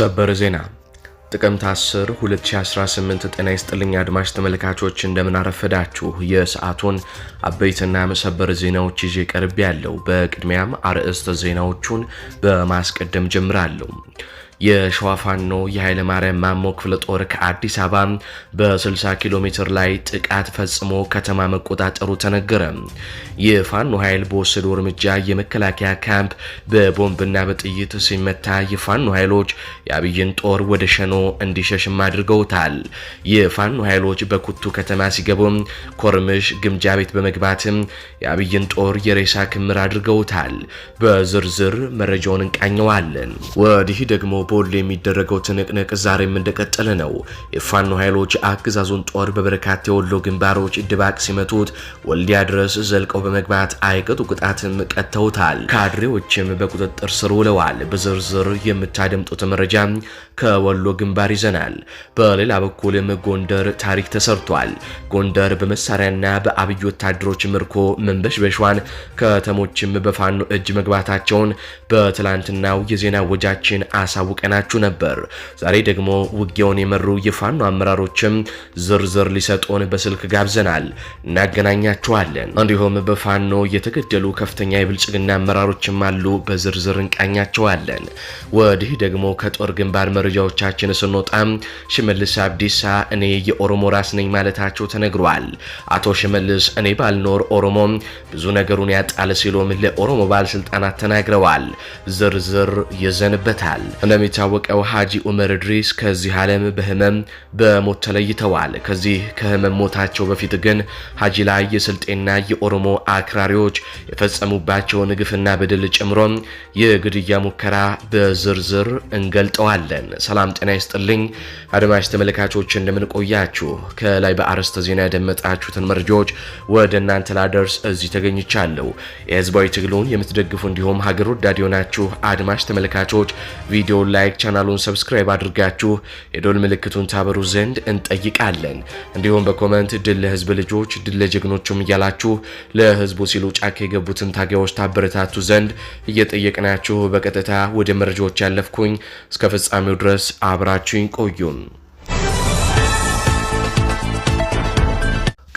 ሰበር ዜና ጥቅምት 10 2018። ጤና ይስጥልኝ አድማጭ ተመልካቾች እንደምናረፈዳችሁ የሰዓቱን አበይትና መሰበር ዜናዎች ይዤ ቀርብ ያለው። በቅድሚያም አርዕስተ ዜናዎቹን በማስቀደም ጀምራለሁ። የሸዋ ፋኖ የኃይለ ማርያም ማሞ ክፍለ ጦር ከአዲስ አበባ በ60 ኪሎ ሜትር ላይ ጥቃት ፈጽሞ ከተማ መቆጣጠሩ ተነገረ። የፋኖ ኃይል በወሰደው እርምጃ የመከላከያ ካምፕ በቦምብና በጥይት ሲመታ የፋኖ ኃይሎች የአብይን ጦር ወደ ሸኖ እንዲሸሽም አድርገውታል። የፋኖ ኃይሎች በኩቱ ከተማ ሲገቡም ኮርምሽ ግምጃ ቤት በመግባትም የአብይን ጦር የሬሳ ክምር አድርገውታል። በዝርዝር መረጃውን እንቃኘዋለን። ወዲህ ደግሞ በወሎ የሚደረገው ትንቅንቅ ዛሬም እንደቀጠለ ነው። የፋኖ ኃይሎች አገዛዙን ጦር በበርካታ የወሎ ግንባሮች ድባቅ ሲመቱት ወልዲያ ድረስ ዘልቀው በመግባት አይቀጡ ቅጣትም ቀጥተውታል። ካድሬዎችም በቁጥጥር ስር ውለዋል። በዝርዝር የምታደምጡት መረጃ ከወሎ ግንባር ይዘናል። በሌላ በኩልም ጎንደር ታሪክ ተሰርቷል። ጎንደር በመሳሪያና በአብይ ወታደሮች ምርኮ መንበሽበሿን፣ ከተሞችም በፋኖ እጅ መግባታቸውን በትላንትናው የዜና ወጃችን አሳውቀናችሁ ነበር። ዛሬ ደግሞ ውጊያውን የመሩ የፋኖ አመራሮችም ዝርዝር ሊሰጡን በስልክ ጋብዘናል፣ እናገናኛችኋለን። እንዲሁም በፋኖ የተገደሉ ከፍተኛ የብልጽግና አመራሮችም አሉ፣ በዝርዝር እንቃኛቸዋለን። ወዲህ ደግሞ ከጦር ጦር ግንባር መረጃዎቻችን ስንወጣ ሽመልስ አብዲሳ እኔ የኦሮሞ ራስ ነኝ ማለታቸው ተነግሯል። አቶ ሽመልስ እኔ ባልኖር ኦሮሞ ብዙ ነገሩን ያጣል ሲሉም ለኦሮሞ ባለስልጣናት ተናግረዋል። ዝርዝር ይዘንበታል። እንደሚታወቀው ሀጂ ኡመር ድሪስ ከዚህ ዓለም በህመም በሞት ተለይተዋል። ከዚህ ከህመም ሞታቸው በፊት ግን ሀጂ ላይ የስልጤና የኦሮሞ አክራሪዎች የፈጸሙባቸውን ግፍና በደል ጨምሮ የግድያ ሙከራ በዝርዝር እንገልጠ እንገልጸዋለን። ሰላም ጤና ይስጥልኝ አድማጭ ተመልካቾች፣ እንደምንቆያችሁ ከላይ በአርዕስተ ዜና ያደመጣችሁትን መረጃዎች ወደ እናንተ ላደርስ እዚህ ተገኝቻለሁ። የህዝባዊ ትግሉን የምትደግፉ እንዲሁም ሀገር ወዳድ የሆናችሁ አድማጭ ተመልካቾች ቪዲዮ ላይክ፣ ቻናሉን ሰብስክራይብ አድርጋችሁ የዶል ምልክቱን ታበሩ ዘንድ እንጠይቃለን። እንዲሁም በኮመንት ድል ለህዝብ ልጆች ድል ለጀግኖቹም እያላችሁ ለህዝቡ ሲሉ ጫካ የገቡትን ታጋዮች ታበረታቱ ዘንድ እየጠየቅናችሁ በቀጥታ ወደ መረጃዎች ያለፍኩኝ። እስከ ፍጻሜው ድረስ አብራችሁኝ ቆዩን።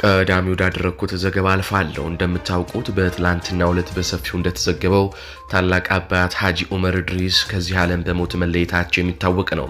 ቀዳሚ ወዳደረግኩት ዘገባ አልፋለሁ። እንደምታውቁት በትላንትና ዕለት በሰፊው እንደተዘገበው ታላቅ አባት ሀጂ ኡመር ድሪስ ከዚህ ዓለም በሞት መለየታቸው የሚታወቅ ነው።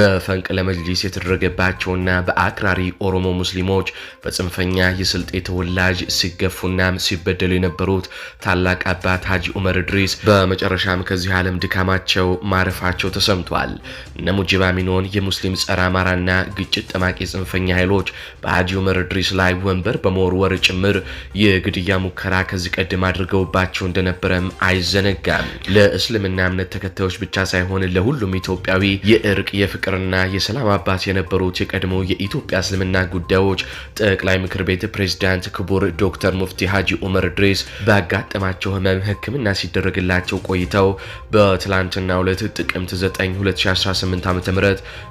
መፈንቅለ መጅሊስ የተደረገባቸውና በአክራሪ ኦሮሞ ሙስሊሞች በጽንፈኛ የስልጤ ተወላጅ ሲገፉና ሲበደሉ የነበሩት ታላቅ አባት ሀጂ ኡመር ድሪስ በመጨረሻም ከዚህ ዓለም ድካማቸው ማረፋቸው ተሰምቷል። እነ ሙጂብ አሚኖን የሙስሊም ጸረ አማራና ግጭት ጠማቂ ጽንፈኛ ኃይሎች በሀጂ ኡመር ድሪስ ላይ ወንበር በመወርወር ጭምር የግድያ ሙከራ ከዚህ ቀደም አድርገውባቸው እንደነበረም አይዘነጋም። ለእስልምና እምነት ተከታዮች ብቻ ሳይሆን ለሁሉም ኢትዮጵያዊ የእርቅ የፍቅርና የሰላም አባት የነበሩት የቀድሞ የኢትዮጵያ እስልምና ጉዳዮች ጠቅላይ ምክር ቤት ፕሬዝዳንት ክቡር ዶክተር ሙፍቲ ሀጂ ኡመር ድሬስ ባጋጠማቸው ህመም ሕክምና ሲደረግላቸው ቆይተው በትላንትና ሁለት ጥቅምት 9 2018 ም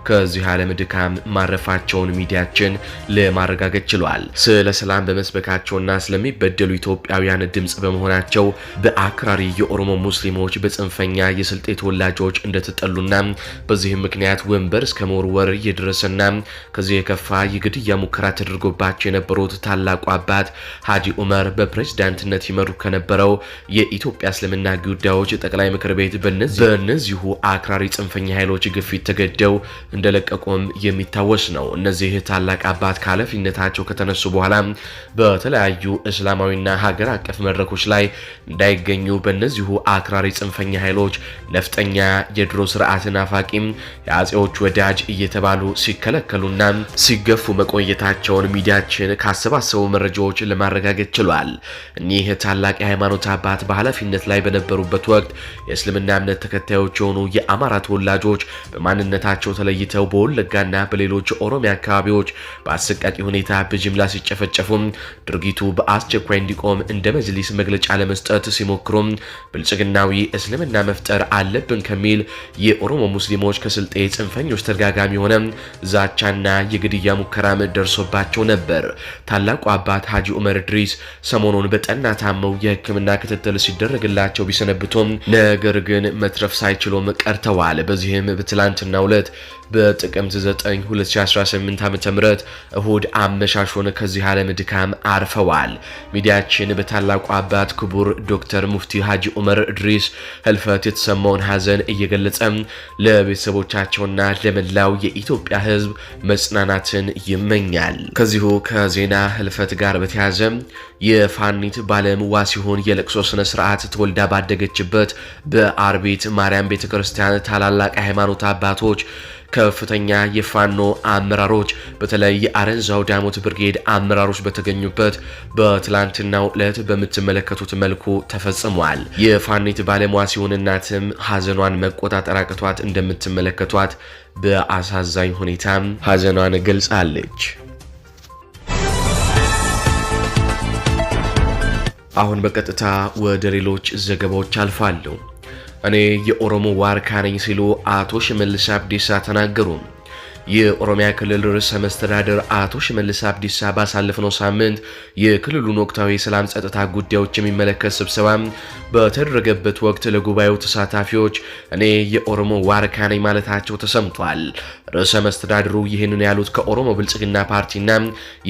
ከዚህ ዓለም ድካም ማረፋቸውን ሚዲያችን ለማረጋገጥ ችሏል። ስለ ሰላም በመስበካቸውና ስለሚበደሉ ኢትዮጵያውያን ድምፅ በመሆናቸው በአክራሪ የኦሮሞ ሙስሊሞች በጽንፈኛ የስልጤ ተወላጆች እንደተጠሉና በዚህም ምክንያት ወንበር እስከ መወርወር እየደረሰና ከዚህ የከፋ የግድያ ሙከራ ተደርጎባቸው የነበሩት ታላቁ አባት ሀጂ ዑመር በፕሬዝዳንትነት ይመሩ ከነበረው የኢትዮጵያ እስልምና ጉዳዮች ጠቅላይ ምክር ቤት በእነዚሁ አክራሪ ጽንፈኛ ኃይሎች ግፊት ተገደው እንደለቀቁም የሚታወስ ነው። እነዚህ ታላቅ አባት ከኃላፊነታቸው ከተነሱ በኋላ በተለያዩ እስላማዊና ሀገር አቀፍ መድረኮች ላይ እንዳይገኙ በእነዚሁ አክራሪ ጽንፈኛ ኃይሎች ነፍጠኛ የድሮ ስርዓትን አፋቂም የአጼው ብዙዎች ወዳጅ እየተባሉ ሲከለከሉና ሲገፉ መቆየታቸውን ሚዲያችን ካሰባሰቡ መረጃዎች ለማረጋገጥ ችሏል። እኒህ ታላቅ የሃይማኖት አባት በኃላፊነት ላይ በነበሩበት ወቅት የእስልምና እምነት ተከታዮች የሆኑ የአማራ ተወላጆች በማንነታቸው ተለይተው በወለጋና በሌሎች ኦሮሚያ አካባቢዎች በአሰቃቂ ሁኔታ በጅምላ ሲጨፈጨፉም ድርጊቱ በአስቸኳይ እንዲቆም እንደ መጅሊስ መግለጫ ለመስጠት ሲሞክሩም ብልጽግናዊ እስልምና መፍጠር አለብን ከሚል የኦሮሞ ሙስሊሞች ከስልጤ ጽንፈ ጽንፈኞች ተደጋጋሚ የሆነ ዛቻና የግድያ ሙከራም ደርሶባቸው ነበር። ታላቁ አባት ሀጂ ኡመር ድሪስ ሰሞኑን በጠና ታመው የሕክምና ክትትል ሲደረግላቸው ቢሰነብቶም ነገር ግን መትረፍ ሳይችሉም ቀርተዋል። በዚህም በትላንትናው ዕለት በጥቅምት 9 2018 ዓ.ም እሁድ ሆነ ከዚህ ዓለም ድካም አርፈዋል። ሚዲያችን በታላቁ አባት ክቡር ዶክተር ሙፍቲ ሀጂ ዑመር ድሪስ ህልፈት የተሰማውን ሀዘን እየገለጸ ለቤተሰቦቻቸውና ለመላው የኢትዮጵያ ህዝብ መጽናናትን ይመኛል። ከዚሁ ከዜና ህልፈት ጋር በተያያዘ የፋኒት ባለምዋ ሲሆን የለቅሶ ስነ ስርዓት ተወልዳ ባደገችበት በአርቢት ማርያም ቤተክርስቲያን ታላላቅ ሃይማኖት አባቶች ከፍተኛ የፋኖ አመራሮች በተለይ የአረንዛው ዳሞት ብርጌድ አመራሮች በተገኙበት በትላንትናው ዕለት በምትመለከቱት መልኩ ተፈጽሟል። የፋኒት ባለሙያ ሲሆን እናትም ሀዘኗን መቆጣጠር አቅቷት እንደምትመለከቷት በአሳዛኝ ሁኔታም ሀዘኗን ገልጻለች። አሁን በቀጥታ ወደ ሌሎች ዘገባዎች አልፋለሁ። እኔ የኦሮሞ ዋርካ ነኝ ሲሉ አቶ ሽመልስ አብዲሳ ተናገሩ። የኦሮሚያ ክልል ርዕሰ መስተዳደር አቶ ሽመልስ አብዲሳ ባሳለፍነው ሳምንት የክልሉን ወቅታዊ የሰላም ጸጥታ ጉዳዮች የሚመለከት ስብሰባ በተደረገበት ወቅት ለጉባኤው ተሳታፊዎች እኔ የኦሮሞ ዋርካ ነኝ ማለታቸው ተሰምቷል። ርዕሰ መስተዳድሩ ይህንን ያሉት ከኦሮሞ ብልጽግና ፓርቲና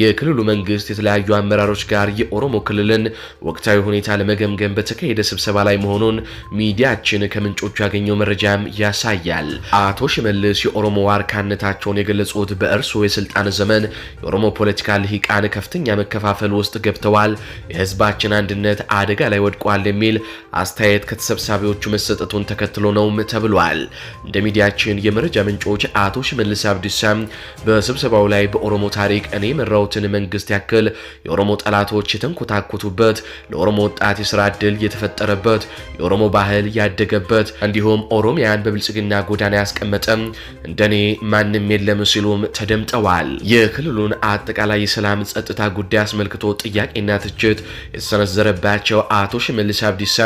የክልሉ መንግስት የተለያዩ አመራሮች ጋር የኦሮሞ ክልልን ወቅታዊ ሁኔታ ለመገምገም በተካሄደ ስብሰባ ላይ መሆኑን ሚዲያችን ከምንጮቹ ያገኘው መረጃም ያሳያል። አቶ ሽመልስ የኦሮሞ ዋርካነታቸውን የገለጹት በእርስዎ የስልጣን ዘመን የኦሮሞ ፖለቲካ ልሂቃን ከፍተኛ መከፋፈል ውስጥ ገብተዋል፣ የህዝባችን አንድነት አደጋ ላይ ወድቋል የሚል አስተያየት ከተሰብሳቢዎቹ መሰጠቱን ተከትሎ ነውም ተብሏል። እንደ ሚዲያችን የመረጃ ምንጮች አቶ ሽመልስ አብዲሳ በስብሰባው ላይ በኦሮሞ ታሪክ እኔ የመራሁትን መንግስት ያክል የኦሮሞ ጠላቶች የተንኮታኮቱበት፣ ለኦሮሞ ወጣት የስራ እድል የተፈጠረበት፣ የኦሮሞ ባህል ያደገበት እንዲሁም ኦሮሚያን በብልጽግና ጎዳና ያስቀመጠም እንደኔ ማንም የለም ሲሉም ተደምጠዋል። የክልሉን አጠቃላይ የሰላም ጸጥታ ጉዳይ አስመልክቶ ጥያቄና ትችት የተሰነዘረባቸው አቶ ሽመልስ አብዲሳ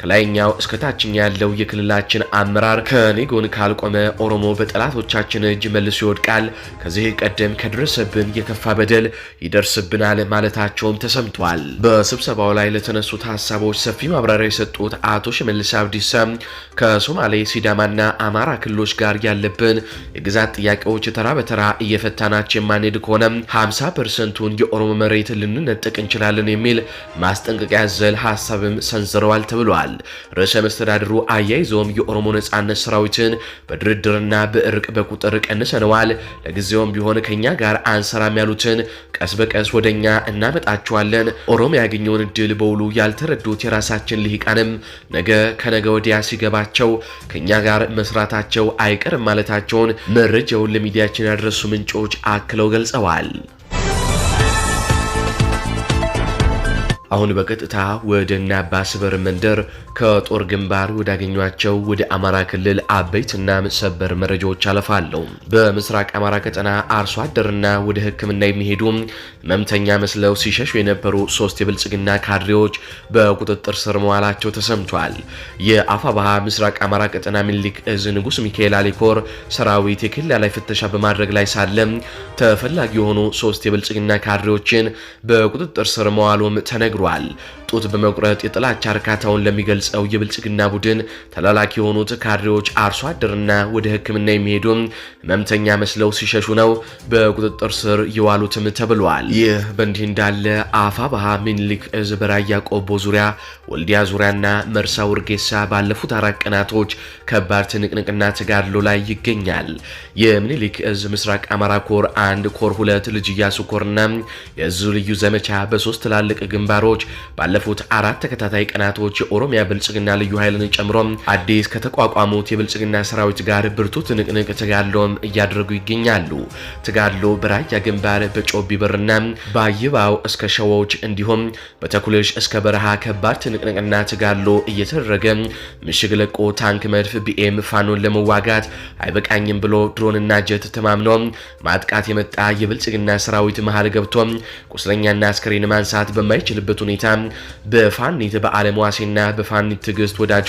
ከላይኛው እስከታችኛ ያለው የክልላችን አመራር ከኔ ጎን ካልቆመ ኦሮሞ በጠላቶቻችን ጠላቶቻችን እጅ መልሶ ይወድቃል። ከዚህ ቀደም ከደረሰብን የከፋ በደል ይደርስብናል ማለታቸውም ተሰምቷል። በስብሰባው ላይ ለተነሱት ሀሳቦች ሰፊ ማብራሪያ የሰጡት አቶ ሽመልስ አብዲሳ ከሶማሌ ሲዳማና አማራ ክልሎች ጋር ያለብን የግዛት ጥያቄዎች ተራ በተራ እየፈታናቸው የማንሄድ ከሆነ 50 ፐርሰንቱን የኦሮሞ መሬት ልንነጠቅ እንችላለን የሚል ማስጠንቀቂያ ያዘል ሀሳብም ሰንዝረዋል ተብሏል። ርዕሰ መስተዳድሩ አያይዘውም የኦሮሞ ነጻነት ሰራዊትን በድርድርና በእርቅ በቁጥር ቁጥር ቀንሰነዋል። ለጊዜውም ቢሆን ከኛ ጋር አንሰራም ያሉትን ቀስ በቀስ ወደኛ እናመጣቸዋለን። ኦሮሚያ ያገኘውን ድል በውሉ ያልተረዱት የራሳችን ልሂቃንም ነገ ከነገ ወዲያ ሲገባቸው ከኛ ጋር መስራታቸው አይቀርም ማለታቸውን መረጃውን ለሚዲያችን ያደረሱ ምንጮች አክለው ገልጸዋል። አሁን በቀጥታ ወደ ናባስበር መንደር ከጦር ግንባር ወዳገኟቸው ወደ አማራ ክልል አበይትና ሰበር መረጃዎች አለፋለሁ። በምስራቅ አማራ ቀጠና አርሶ አደርና ወደ ሕክምና የሚሄዱ መምተኛ መስለው ሲሸሹ የነበሩ ሶስት የብልጽግና ካድሬዎች በቁጥጥር ስር መዋላቸው ተሰምቷል። የአፋባሃ ምስራቅ አማራ ቀጠና ሚኒሊክ እዝ ንጉስ ሚካኤል አሊኮር ሰራዊት የክልል ላይ ፍተሻ በማድረግ ላይ ሳለም ተፈላጊ የሆኑ ሶስት የብልጽግና ካድሬዎችን በቁጥጥር ስር መዋሉም ተነግ ተነግሯል። ጡት በመቁረጥ የጥላቻ እርካታውን ለሚገልጸው የብልጽግና ቡድን ተላላኪ የሆኑት ካድሬዎች አርሶ አደርና ወደ ሕክምና የሚሄዱ ህመምተኛ መስለው ሲሸሹ ነው በቁጥጥር ስር የዋሉትም ተብሏል። ይህ በእንዲህ እንዳለ አፋ ባሃ ሚኒሊክ እዝ በራያ ቆቦ ዙሪያ፣ ወልዲያ ዙሪያና መርሳ ውርጌሳ ባለፉት አራት ቀናቶች ከባድ ትንቅንቅና ተጋድሎ ላይ ይገኛል። የሚኒሊክ እዝ ምስራቅ አማራ ኮር አንድ ኮር ሁለት ልጅ ኢያሱ ኮርና የእዙ ልዩ ዘመቻ በሶስት ትላልቅ ግንባሮች አመራሮች ባለፉት አራት ተከታታይ ቀናቶች የኦሮሚያ ብልጽግና ልዩ ኃይልን ጨምሮ አዲስ ከተቋቋሙት የብልጽግና ሰራዊት ጋር ብርቱ ትንቅንቅ ተጋድሎም እያደረጉ ይገኛሉ። ተጋድሎ በራያ ግንባር በጮቢ በርና በአይባው እስከ ሸዎች እንዲሁም በተኩልሽ እስከ በረሃ ከባድ ትንቅንቅና ተጋድሎ እየተደረገ ምሽግ ለቆ ታንክ፣ መድፍ፣ ቢኤም ፋኖን ለመዋጋት አይበቃኝም ብሎ ድሮንና ጀት ተማምኖ ማጥቃት የመጣ የብልጽግና ሰራዊት መሃል ገብቶ ቁስለኛና አስከሬን ማንሳት በማይችልበት ባለበት ሁኔታ በፋኒት በአለም ዋሴና በፋኒት ትዕግስት ወዳጆ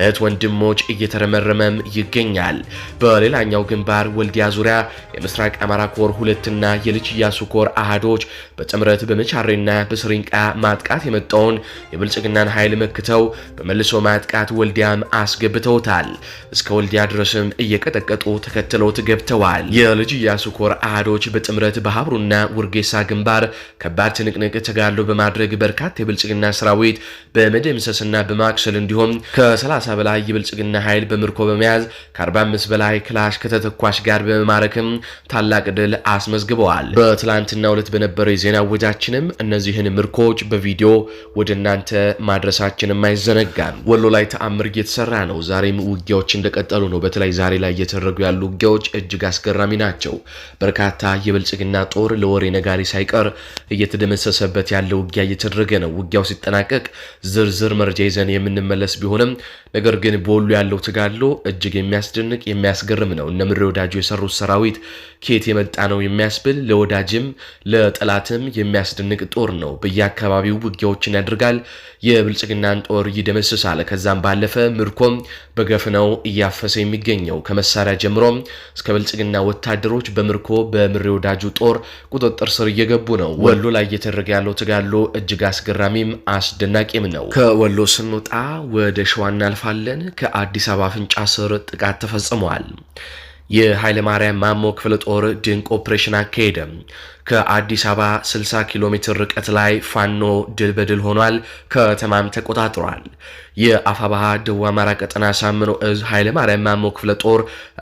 እህት ወንድሞች እየተረመረመም ይገኛል። በሌላኛው ግንባር ወልዲያ ዙሪያ የምስራቅ አማራ ኮር ሁለትና የልጅ ኢያሱ ኮር አህዶች በጥምረት በመቻሬና በስሪንቃ ማጥቃት የመጣውን የብልጽግናን ኃይል መክተው በመልሶ ማጥቃት ወልዲያም አስገብተውታል። እስከ ወልዲያ ድረስም እየቀጠቀጡ ተከትለውት ገብተዋል። የልጅ ኢያሱ ኮር አህዶች በጥምረት በሀብሩና ውርጌሳ ግንባር ከባድ ትንቅንቅ ተጋድሎ በማድረግ በርካታ የብልጽግና ሰራዊት በመደምሰስና በማክሰል እንዲሁም ከ30 በላይ የብልጽግና ኃይል በምርኮ በመያዝ ከ45 በላይ ክላሽ ከተተኳሽ ጋር በመማረክም ታላቅ ድል አስመዝግበዋል። በትላንትና ሁለት በነበረው የዜና ወጃችንም እነዚህን ምርኮዎች በቪዲዮ ወደ እናንተ ማድረሳችንም አይዘነጋም። ወሎ ላይ ተአምር እየተሰራ ነው። ዛሬም ውጊያዎች እንደቀጠሉ ነው። በተለይ ዛሬ ላይ እየተደረጉ ያሉ ውጊያዎች እጅግ አስገራሚ ናቸው። በርካታ የብልጽግና ጦር ለወሬ ነጋሪ ሳይቀር እየተደመሰሰበት ያለ ውጊያ እየተደረገ ነው። ውጊያው ሲጠናቀቅ ዝርዝር መረጃ ይዘን የምንመለስ ቢሆንም ነገር ግን በወሎ ያለው ተጋድሎ እጅግ የሚያስደንቅ የሚያስገርም ነው። እነ ምድሬ ወዳጁ የሰሩት ሰራዊት ከየት የመጣ ነው የሚያስብል ለወዳጅም ለጠላትም የሚያስደንቅ ጦር ነው። በየአካባቢው ውጊያዎችን ያደርጋል። የብልጽግናን ጦር ይደመስሳል። ከዛም ባለፈ ምርኮም በገፍ ነው እያፈሰ የሚገኘው። ከመሳሪያ ጀምሮም እስከ ብልጽግና ወታደሮች በምርኮ በምሬ ወዳጁ ጦር ቁጥጥር ስር እየገቡ ነው። ወሎ ላይ እየተደረገ ያለው ተጋድሎ እጅግ እጅግ አስገራሚም አስደናቂም ነው። ከወሎ ስንወጣ ወደ ሸዋ እናልፋለን። ከአዲስ አበባ አፍንጫ ስር ጥቃት ተፈጽሟል። የኃይለማርያም ማሞ ክፍለ ጦር ድንቅ ኦፕሬሽን አካሄደ። ከአዲስ አበባ 60 ኪሎ ሜትር ርቀት ላይ ፋኖ ድል በድል ሆኗል። ከተማም ተቆጣጥሯል። የአፋባሃ ደቡብ አማራ ቀጠና ሳምኖ እዝ ኃይለ ማርያም ማሞ ክፍለ ጦር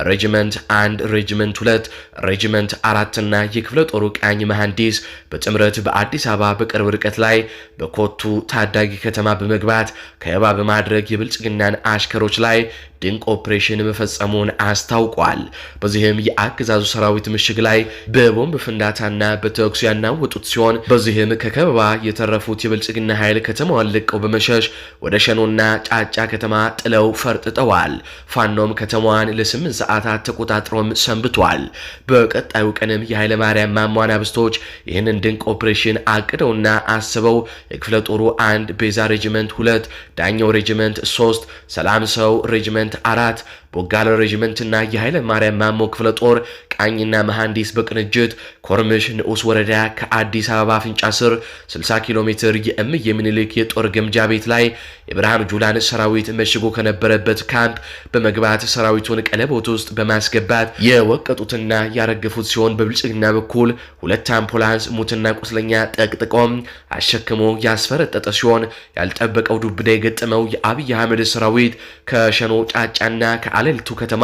ሬጅመንት አንድ ሬጅመንት ሁለት ሬጅመንት አራትና የክፍለ ጦሩ ቃኝ መሐንዲስ በጥምረት በአዲስ አበባ በቅርብ ርቀት ላይ በኮቱ ታዳጊ ከተማ በመግባት ከበባ በማድረግ የብልጽግናን አሽከሮች ላይ ድንቅ ኦፕሬሽን መፈጸሙን አስታውቋል። በዚህም የአገዛዙ ሰራዊት ምሽግ ላይ በቦምብ ፍንዳታና በተኩስ ያናወጡት ሲሆን በዚህም ከከበባ የተረፉት የብልጽግና ኃይል ከተማዋን ለቀው በመሸሽ ወደ ሸኖና ጫጫ ከተማ ጥለው ፈርጥጠዋል። ፋኖም ከተማዋን ለስምንት ሰዓታት ተቆጣጥሮም ሰንብቷል። በቀጣዩ ቀንም የኃይለ ማርያም ማሟና ብስቶች ይህንን ድንቅ ኦፕሬሽን አቅደውና አስበው የክፍለ ጦሩ አንድ ቤዛ ሬጅመንት ሁለት ዳኛው ሬጅመንት ሶስት ሰላም ሰው ሬጅመንት አራት ቦጋለ ሬዥመንትና የኃይለ ማርያም ማሞ ክፍለ ጦር ቃኝና መሐንዲስ በቅንጅት ኮርምሽ ንዑስ ወረዳ ከአዲስ አበባ አፍንጫ ስር 60 ኪሎ ሜትር የእምዬ ምኒልክ የጦር ግምጃ ቤት ላይ የብርሃኑ ጁላን ሰራዊት መሽጎ ከነበረበት ካምፕ በመግባት ሰራዊቱን ቀለቦት ውስጥ በማስገባት የወቀጡትና ያረገፉት ሲሆን በብልጽግና በኩል ሁለት አምፑላንስ ሙትና ቁስለኛ ጠቅጥቆም አሸክሞ ያስፈረጠጠ ሲሆን ያልጠበቀው ዱብዳ የገጠመው የአብይ አህመድ ሰራዊት ከሸኖ ጫጫና ከአ በአለልቱ ከተማ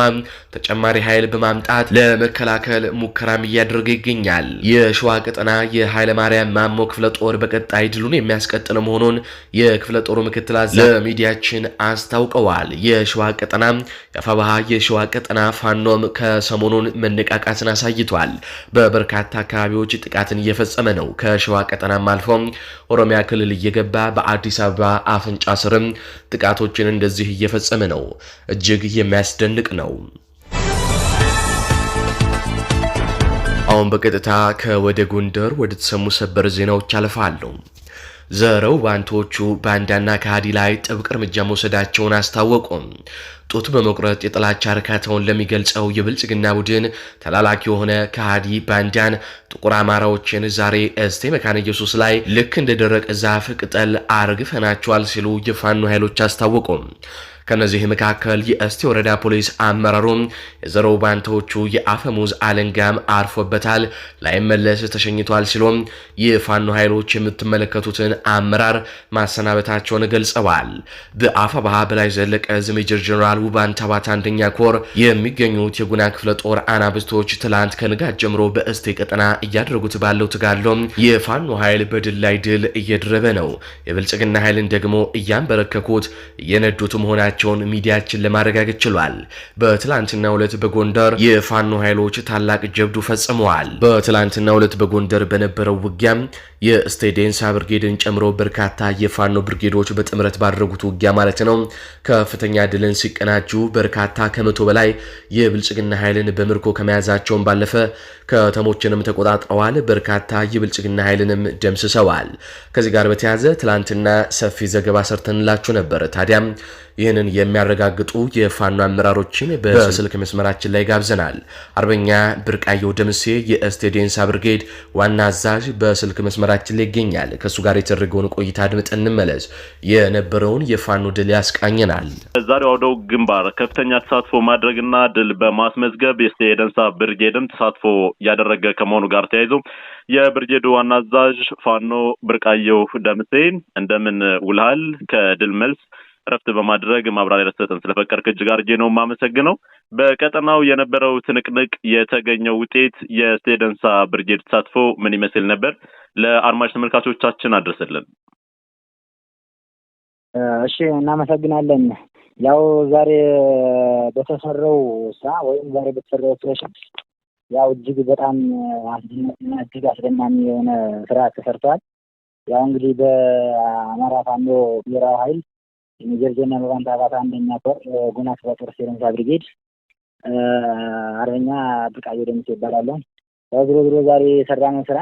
ተጨማሪ ኃይል በማምጣት ለመከላከል ሙከራም እያደረገ ይገኛል። የሸዋ ቀጠና የኃይለማርያም ማሞ ክፍለ ጦር በቀጣይ ድሉን የሚያስቀጥል መሆኑን የክፍለ ጦሩ ምክትል አዛዥ ለሚዲያችን አስታውቀዋል። የሸዋ ቀጠና የአፋባሃ የሸዋ ቀጠና ፋኖም ከሰሞኑን መነቃቃትን አሳይቷል። በበርካታ አካባቢዎች ጥቃትን እየፈጸመ ነው። ከሸዋ ቀጠናም አልፎ ኦሮሚያ ክልል እየገባ በአዲስ አበባ አፍንጫ ስርም ጥቃቶችን እንደዚህ እየፈጸመ ነው። እጅግ የሚያስ የሚያስደንቅ ነው። አሁን በቀጥታ ከወደ ጎንደር ወደ ተሰሙ ሰበር ዜናዎች አልፋለሁ። ዘረው ባንቶቹ ባንዳና ከሃዲ ላይ ጥብቅ እርምጃ መውሰዳቸውን አስታወቁ። ጡት በመቁረጥ የጥላቻ እርካታውን ለሚገልጸው የብልጽግና ቡድን ተላላኪ የሆነ ከሃዲ ባንዳን ጥቁር አማራዎችን ዛሬ እስቴ መካነ ኢየሱስ ላይ ልክ እንደደረቀ ዛፍ ቅጠል አርግፈናቸዋል ሲሉ የፋኖ ኃይሎች አስታወቁ። ከነዚህ መካከል የእስቴ ወረዳ ፖሊስ አመራሩን የዘረው ባንታዎቹ የአፈሙዝ አለንጋም አርፎበታል፣ ላይመለስ ተሸኝቷል ሲሎም የፋኖ ኃይሎች የምትመለከቱትን አመራር ማሰናበታቸውን ገልጸዋል። በአፈባሃ በላይ ዘለቀ ዝሜጀር ጀኔራል ውባንታባት አንደኛ ኮር የሚገኙት የጉና ክፍለ ጦር አናብስቶች ትላንት ከንጋት ጀምሮ በእስቴ ቀጠና እያደረጉት ባለው ትጋሎ የፋኖ ኃይል በድል ላይ ድል እየደረበ ነው። የብልጽግና ኃይልን ደግሞ እያንበረከኩት እየነዱት መሆናቸው መሆናቸውን ሚዲያችን ለማረጋገጥ ችሏል። በትላንትና ሁለት በጎንደር የፋኖ ኃይሎች ታላቅ ጀብዱ ፈጽመዋል። በትላንትና ሁለት በጎንደር በነበረው ውጊያም የስቴዴንሳ ብርጌድን ጨምሮ በርካታ የፋኖ ብርጌዶች በጥምረት ባደረጉት ውጊያ ማለት ነው ከፍተኛ ድልን ሲቀናጁ በርካታ ከመቶ በላይ የብልጽግና ኃይልን በምርኮ ከመያዛቸውን ባለፈ ከተሞችንም ተቆጣጥረዋል። በርካታ የብልጽግና ኃይልንም ደምስሰዋል። ከዚህ ጋር በተያያዘ ትላንትና ሰፊ ዘገባ ሰርተንላችሁ ነበር። ታዲያም ይህንን ይህንን የሚያረጋግጡ የፋኖ አመራሮችን በስልክ መስመራችን ላይ ጋብዘናል። አርበኛ ብርቃየው ደምሴ የእስቴ ዴንሳ ብርጌድ ዋና አዛዥ በስልክ መስመራችን ላይ ይገኛል። ከእሱ ጋር የተደረገውን ቆይታ አድምጥ እንመለስ። የነበረውን የፋኖ ድል ያስቃኝናል። ዛሬው አውደው ግንባር ከፍተኛ ተሳትፎ ማድረግና ድል በማስመዝገብ የእስቴ ብርጌድም ተሳትፎ ያደረገ ከመሆኑ ጋር ተያይዞ የብርጌዱ ዋና አዛዥ ፋኖ ብርቃየው ደምሴ እንደምን ውልሃል? ከድል መልስ እረፍት በማድረግ ማብራሪያ ለሰጠን ስለፈቀድክ እጅግ አድርጌ ነው የማመሰግነው። በቀጠናው የነበረው ትንቅንቅ የተገኘው ውጤት፣ የስቴደንሳ ብርጌድ ተሳትፎ ምን ይመስል ነበር? ለአድማጭ ተመልካቾቻችን አድረሰልን። እሺ እናመሰግናለን። ያው ዛሬ በተሰራው ስራ ወይም ዛሬ በተሰራው ኦፕሬሽን ያው እጅግ በጣም አስደናቂና እጅግ አስደናሚ የሆነ ስራ ተሰርቷል። ያው እንግዲህ በአማራ ፋኖ ብሔራዊ ኃይል የሜጀር ጀነራል ባንታ አባተ አንደኛ ኮር ጉና ክፍለ ጦር ሴረንሳ ብሪጌድ አርበኛ ብቃዬ ደምስ ይባላለሁ። ዞሮ ዝሮ ዛሬ የሰራነው ስራ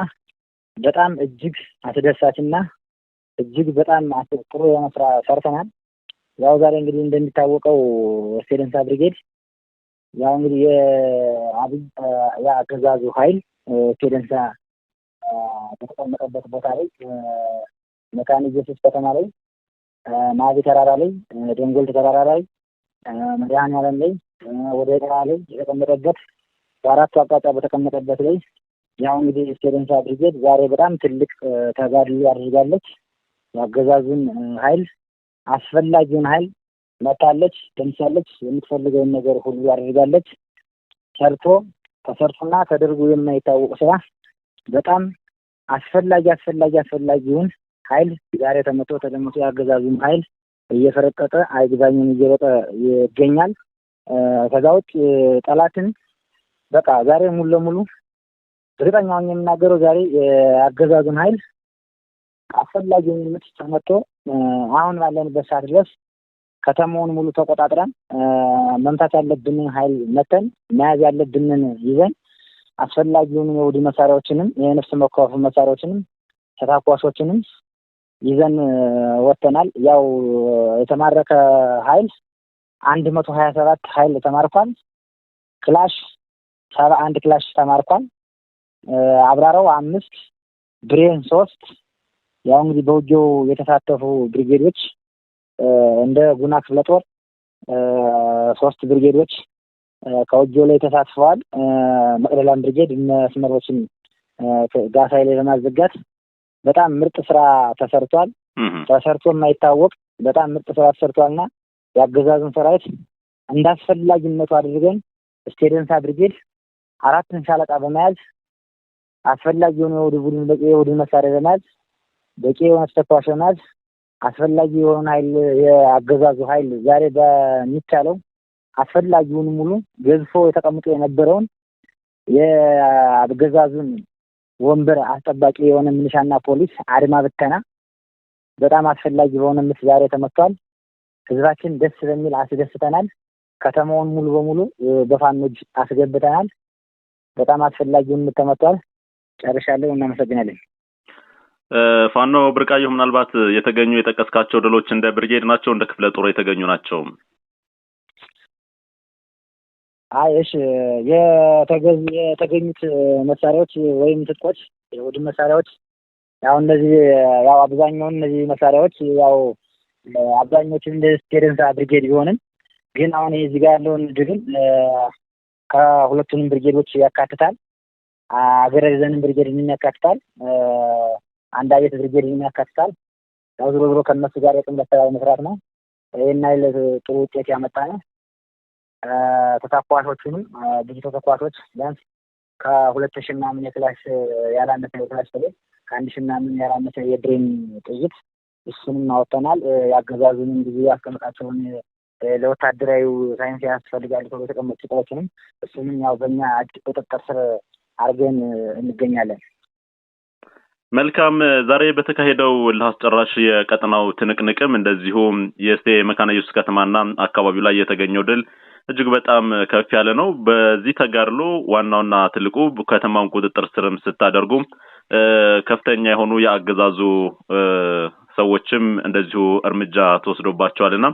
በጣም እጅግ አስደሳች አስደሳችና እጅግ በጣም ጥሩ የሆነ ስራ ሰርተናል። ያው ዛሬ እንግዲህ እንደሚታወቀው ሴደንሳ ብሪጌድ ያው እንግዲህ የአብይ የአገዛዙ ኃይል ሴደንሳ በተቀመጠበት ቦታ ላይ መካነ ኢየሱስ ከተማ ላይ ማዚ ተራራ ላይ፣ ደንጎልድ ተራራ ላይ፣ መድኃኔዓለም ላይ፣ ወደ ተራ ላይ የተቀመጠበት በአራቱ አቅጣጫ በተቀመጠበት ላይ ያው እንግዲህ ስቴደንሳ ብርጌድ ዛሬ በጣም ትልቅ ተጋድሎ አድርጋለች። የአገዛዙን ኃይል አስፈላጊውን ኃይል መታለች፣ ደምሳለች። የምትፈልገውን ነገር ሁሉ አድርጋለች። ሰርቶ ተሰርቶና ተደርጎ የማይታወቅ ስራ በጣም አስፈላጊ አስፈላጊ አስፈላጊውን ኃይል ዛሬ ተመቶ ተደምቶ የአገዛዙም ኃይል እየፈረጠጠ አይግዛኝን እየበጠ ይገኛል። ከዛ ውጭ ጠላትን በቃ ዛሬ ሙሉ ለሙሉ እርግጠኛውን የምናገረው ዛሬ የአገዛዙን ኃይል አስፈላጊውን ምት ተመቶ አሁን ባለንበት ሰዓት ድረስ ከተማውን ሙሉ ተቆጣጥረን መምታት ያለብንን ኃይል መተን መያዝ ያለብንን ይዘን አስፈላጊውን የውድ መሳሪያዎችንም የነፍስ መኳፉ መሳሪያዎችንም ተታኳሾችንም ይዘን ወጥተናል። ያው የተማረከ ኃይል አንድ መቶ ሀያ ሰባት ኃይል ተማርኳል። ክላሽ ሰባ አንድ ክላሽ ተማርኳል። አብራራው አምስት ብሬን ሶስት ያው እንግዲህ በውጊያው የተሳተፉ ብሪጌዶች እንደ ጉና ክፍለ ጦር ሶስት ብሪጌዶች ከውጊያው ላይ ተሳትፈዋል። መቅደላን ብሪጌድ መስመሮችን ጋሳይ ላይ ለማዘጋት በጣም ምርጥ ስራ ተሰርቷል። ተሰርቶ የማይታወቅ በጣም ምርጥ ስራ ተሰርቷልና የአገዛዙን ሰራዊት እንዳስፈላጊነቱ አድርገን ስቴደንስ ብርጌድ አራትን ሻለቃ በመያዝ አስፈላጊ የሆኑ የቡድን መሳሪያ በመያዝ በቂ የሆነ ተተኳሽ በመያዝ አስፈላጊ የሆነ ኃይል የአገዛዙ ኃይል ዛሬ በሚቻለው አስፈላጊውን ሙሉ ገዝፎ የተቀምጦ የነበረውን የአገዛዙን ወንበር አስጠባቂ የሆነ ምንሻና ፖሊስ አድማ ብተና በጣም አስፈላጊ በሆነ ምት ዛሬ ተመቷል። ህዝባችን ደስ በሚል አስደስተናል። ከተማውን ሙሉ በሙሉ በፋኖ አስገብተናል። በጣም አስፈላጊ ምት ተመቷል። ጨርሻለሁ። እናመሰግናለን። ፋኖ ብርቃየሁ፣ ምናልባት የተገኙ የጠቀስካቸው ድሎች እንደ ብርጌድ ናቸው እንደ ክፍለ ጦር የተገኙ ናቸው? አይ እሺ፣ የተገኙት መሳሪያዎች ወይም ትጥቆች፣ የቡድን መሳሪያዎች ያው እነዚህ ያው አብዛኛውን እነዚህ መሳሪያዎች ያው አብዛኞቹን እንደ ስቴደንሳ ብሪጌድ ቢሆንም ግን አሁን እዚህ ጋር ያለውን ድግል ከሁለቱንም ብርጌዶች ያካትታል። አገረ ዘንም ብርጌድንም ያካትታል። አንዳየት አየት ብርጌድንም ያካትታል። ያው ዝሮ ዝሮ ከነሱ ጋር የጥምረት ስራ መስራት ነው። ይህና ጥሩ ውጤት ያመጣ ነው። ተተኳሾቹንም ብዙ ተተኳሾች ቢያንስ ከሁለት ሺህ ምናምን የክላሽ ያላነሰ የክላሽ ተለ ከአንድ ሺህ ምናምን ያላነሰ የብሬን ጥይት እሱንም አወጥተናል። የአገዛዙንም ብዙ ያስቀምጣቸውን ለወታደራዊ ሳይንስ ያስፈልጋሉ ተብሎ የተቀመጡ እቃዎችንም እሱንም ያው በእኛ ቁጥጥር ስር አድርገን እንገኛለን። መልካም። ዛሬ በተካሄደው ለአስጨራሽ አስጨራሽ የቀጠናው ትንቅንቅም እንደዚሁም የስቴ መካነ ኢየሱስ ከተማና አካባቢው ላይ የተገኘው ድል እጅግ በጣም ከፍ ያለ ነው። በዚህ ተጋድሎ ዋናውና ትልቁ ከተማውን ቁጥጥር ስርም ስታደርጉ ከፍተኛ የሆኑ የአገዛዙ ሰዎችም እንደዚሁ እርምጃ ተወስዶባቸዋልና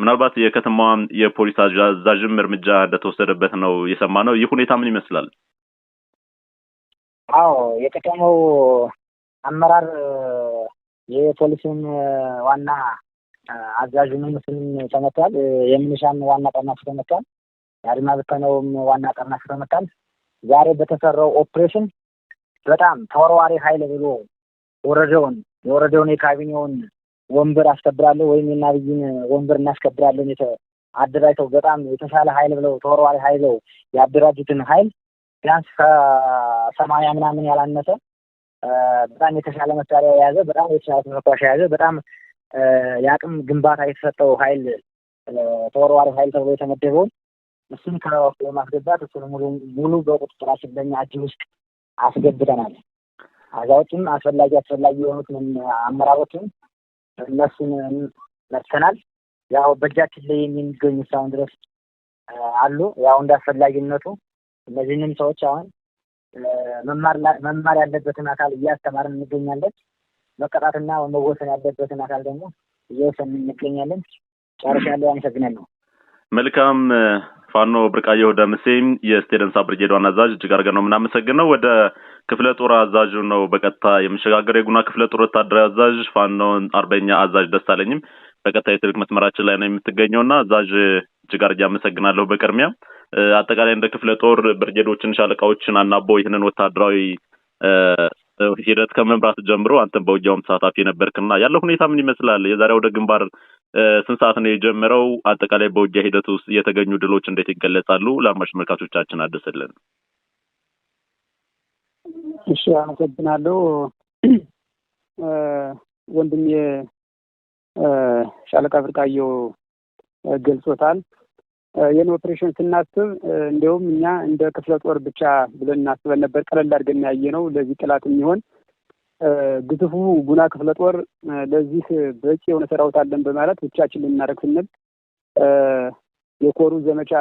ምናልባት የከተማዋ የፖሊስ አዛዥም እርምጃ እንደተወሰደበት ነው የሰማ ነው። ይህ ሁኔታ ምን ይመስላል? አዎ የከተማው አመራር የፖሊስን ዋና አዛዡንም እሱንም ተመቷል። የምንሻን ዋና ጠርናፊ ተመቷል። የአድማ ብተነውም ዋና ጠርናፊ ተመቷል። ዛሬ በተሰራው ኦፕሬሽን በጣም ተወርዋሪ ኃይል ብሎ ወረደውን የወረደውን የካቢኔውን ወንበር አስከብራለሁ ወይም የናብይን ወንበር እናስከብራለን አደራጅተው በጣም የተሻለ ኃይል ብለው ተወርዋሪ ኃይል ያደራጁትን ኃይል ቢያንስ ከሰማንያ ምናምን ያላነሰ በጣም የተሻለ መሳሪያ የያዘ በጣም የተሻለ ተተኳሽ የያዘ በጣም የአቅም ግንባታ የተሰጠው ኃይል ተወርዋሪ ኃይል ተብሎ የተመደበውን እሱን ከውስጥ በማስገባት እሱን ሙሉ ሙሉ በቁጥጥራችን በእኛ እጅ ውስጥ አስገብተናል። አዛውጭም አስፈላጊ አስፈላጊ የሆኑትን አመራሮችን እነሱን መጥተናል። ያው በእጃችን ላይ የሚገኙ እስካሁን ድረስ አሉ። ያው እንደ አስፈላጊነቱ እነዚህንም ሰዎች አሁን መማር ያለበትን አካል እያስተማርን እንገኛለን። መቀጣትና መወሰን ያለበትን አካል ደግሞ እየወሰን እንገኛለን። ጨርሻለሁ። አመሰግናለሁ። መልካም ፋኖ ብርቃየሁ ደምሴ የስቴደንስ ብርጌድ ዋና አዛዥ እጅግ አድርገን ነው የምናመሰግነው። ወደ ክፍለ ጦር አዛዡ ነው በቀጥታ የምሸጋገረው። የጉና ክፍለ ጦር ወታደራዊ አዛዥ ፋኖን አርበኛ አዛዥ ደሳለኝም በቀጥታ የስልክ መስመራችን ላይ ነው የምትገኘው የምትገኘውና አዛዥ እጅግ አድርጌ አመሰግናለሁ። በቅድሚያ አጠቃላይ እንደ ክፍለ ጦር ብርጌዶችን፣ ሻለቃዎችን አናቦ ይህንን ወታደራዊ ሂደት ከመምራት ጀምሮ አንተም በውጊያውም ተሳታፊ ነበርክና ያለው ሁኔታ ምን ይመስላል? የዛሬ ወደ ግንባር ስንት ሰዓት ነው የጀመረው? አጠቃላይ በውጊያ ሂደት ውስጥ የተገኙ ድሎች እንዴት ይገለጻሉ? ለአድማጭ ተመልካቾቻችን አድርስልን። እሺ፣ አመሰግናለሁ ወንድሜ ሻለቃ ፍርቃየው ገልጾታል። ይህን ኦፕሬሽን ስናስብ እንዲሁም እኛ እንደ ክፍለ ጦር ብቻ ብለን እናስበን ነበር። ቀለል አድርገን ያየ ነው። ለዚህ ጥላት የሚሆን ግዙፉ ጉና ክፍለ ጦር ለዚህ በቂ የሆነ ሰራዊት አለን በማለት ብቻችን ልናደርግ ስንል የኮሩ ዘመቻ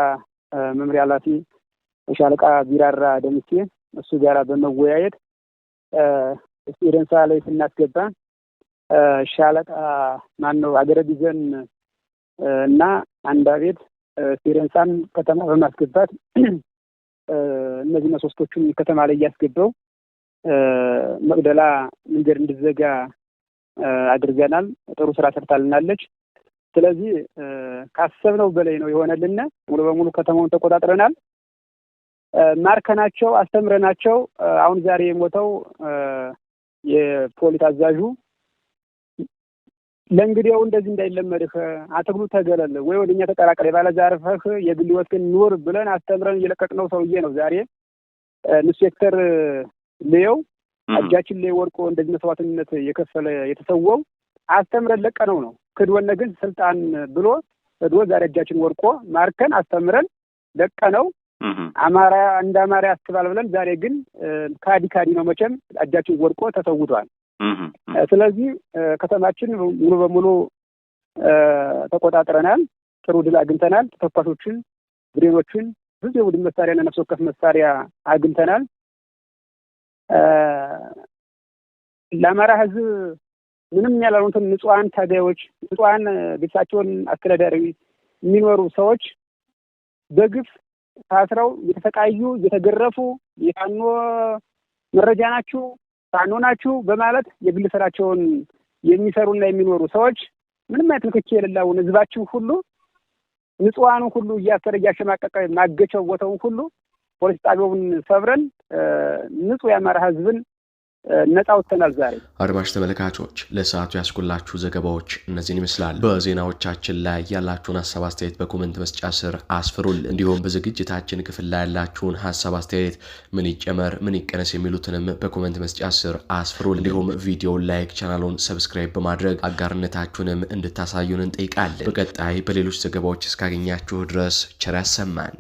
መምሪያ ኃላፊ ሻለቃ ቢራራ ደምሴ እሱ ጋር በመወያየት ኤደንሳ ላይ ስናስገባ ሻለቃ ማነው አገረ ቢዘን እና አንድ አቤት ሲረንሳን ከተማ በማስገባት እነዚህ መሶስቶቹን ከተማ ላይ እያስገባው መቅደላ መንገድ እንዲዘጋ አድርገናል። ጥሩ ስራ ሰርታልናለች። ስለዚህ ካሰብነው በላይ ነው የሆነልን። ሙሉ በሙሉ ከተማውን ተቆጣጥረናል። ማርከናቸው፣ አስተምረናቸው። አሁን ዛሬ የሞተው የፖሊስ አዛዡ ለእንግዲያው እንደዚህ እንዳይለመድህ አትክሉ ተገለል ወይ ወደኛ ተቀላቀል የባለዚያ አርፈህ የግል ሕይወትህን ኑር ብለን አስተምረን እየለቀቅነው ሰውዬ ነው ዛሬ ኢንስፔክተር ልየው እጃችን ላይ ወድቆ እንደዚህ መስዋዕትነት የከፈለ የተሰወው አስተምረን ለቀነው ነው። ክድወነ ግን ስልጣን ብሎ እድወ ዛሬ እጃችን ወድቆ ማርከን አስተምረን ለቀነው። አማራ እንደ አማራ ያስባል ብለን ዛሬ ግን ካዲ ካዲ ነው መቼም እጃችን ወድቆ ተሰውቷል። ስለዚህ ከተማችን ሙሉ በሙሉ ተቆጣጥረናል። ጥሩ ድል አግኝተናል። ተተኳሾችን፣ ብሬኖችን፣ ብዙ የቡድን መሳሪያና ነፍስ ወከፍ መሳሪያ አግኝተናል። ለአማራ ህዝብ ምንም ያላሉትን ንጹሐን ታጋዮች፣ ንጹሐን ቤተሰባቸውን አስተዳዳሪ የሚኖሩ ሰዎች በግፍ ታስረው እየተሰቃዩ እየተገረፉ የፋኖ መረጃ ናችሁ ፋኖ ናችሁ በማለት የግል ስራቸውን የሚሰሩና የሚኖሩ ሰዎች ምንም አይነት ንክኪ የሌላውን ህዝባችሁ ሁሉ ንጹሐኑ ሁሉ እያሰረ እያሸማቀቀ ማገቸው ቦታውን ሁሉ ፖሊስ ጣቢያውን ሰብረን ንጹህ የአማራ ህዝብን ነጻ ወጥተናል ዛሬ። አድማጭ ተመልካቾች ለሰዓቱ ያስኩላችሁ ዘገባዎች እነዚህን ይመስላል። በዜናዎቻችን ላይ ያላችሁን ሀሳብ አስተያየት በኮመንት መስጫ ስር አስፍሩል። እንዲሁም በዝግጅታችን ክፍል ላይ ያላችሁን ሀሳብ አስተያየት፣ ምን ይጨመር ምን ይቀነስ የሚሉትንም በኮመንት መስጫ ስር አስፍሩል። እንዲሁም ቪዲዮን ላይክ፣ ቻናሉን ሰብስክራይብ በማድረግ አጋርነታችሁንም እንድታሳዩን እንጠይቃለን። በቀጣይ በሌሎች ዘገባዎች እስካገኛችሁ ድረስ ቸር ያሰማን።